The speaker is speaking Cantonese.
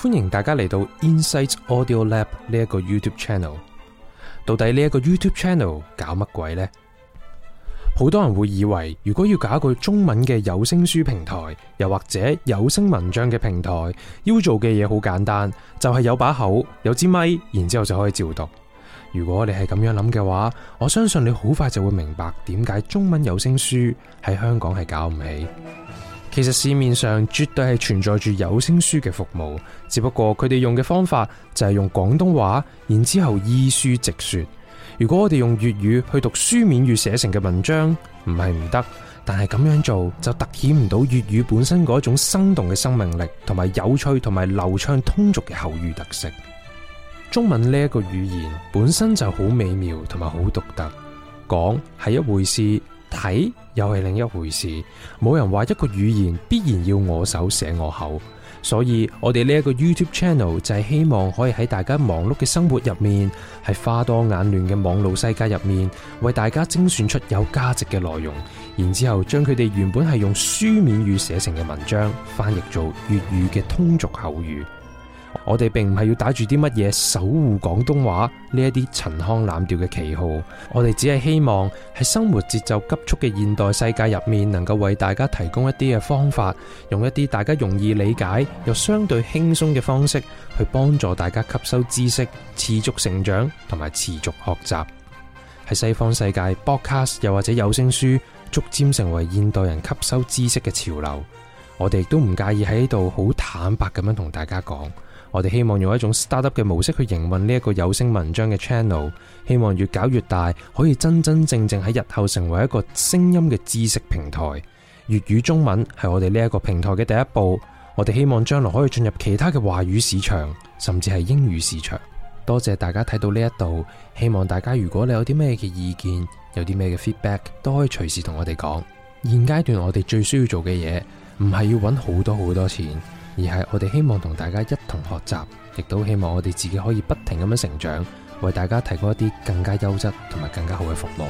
歡迎大家嚟到 Insights Audio Lab 呢一個 YouTube Channel。到底呢一個 YouTube Channel 搞乜鬼呢？好多人會以為，如果要搞一個中文嘅有聲書平台，又或者有聲文章嘅平台，要做嘅嘢好簡單，就係有把口，有支咪，然之後就可以照讀。如果你係咁樣諗嘅話，我相信你好快就會明白點解中文有聲書喺香港係搞唔起。其實市面上絕對係存在住有聲書嘅服務，只不過佢哋用嘅方法就係用廣東話，然之後依書直說。如果我哋用粵語去讀書面語寫成嘅文章，唔係唔得，但係咁樣做就凸顯唔到粵語本身嗰一種生動嘅生命力，同埋有，有趣同埋流暢通俗嘅口語特色。中文呢一個語言本身就好美妙同埋好獨特，講係一回事，睇又係另一回事。冇人話一個語言必然要我手寫我口，所以我哋呢一個 YouTube channel 就係希望可以喺大家忙碌嘅生活入面，喺花多眼亂嘅網路世界入面，為大家精選出有價值嘅內容，然之後將佢哋原本係用書面語寫成嘅文章翻譯做粵語嘅通俗口語。我哋並唔係要打住啲乜嘢守護廣東話呢一啲陳腔濫調嘅旗號，我哋只係希望喺生活節奏急速嘅現代世界入面，能夠為大家提供一啲嘅方法，用一啲大家容易理解又相對輕鬆嘅方式，去幫助大家吸收知識、持續成長同埋持續學習。喺西方世界，bookcast 又或者有聲書逐漸成為現代人吸收知識嘅潮流，我哋都唔介意喺度好坦白咁樣同大家講。我哋希望用一種 startup 嘅模式去營運呢一個有聲文章嘅 channel，希望越搞越大，可以真真正正喺日後成為一個聲音嘅知識平台。粵語中文係我哋呢一個平台嘅第一步，我哋希望將來可以進入其他嘅華語市場，甚至係英語市場。多謝大家睇到呢一度，希望大家如果你有啲咩嘅意見，有啲咩嘅 feedback，都可以隨時同我哋講。現階段我哋最需要做嘅嘢，唔係要揾好多好多錢。而係我哋希望同大家一同學習，亦都希望我哋自己可以不停咁樣成長，為大家提供一啲更加優質同埋更加好嘅服務。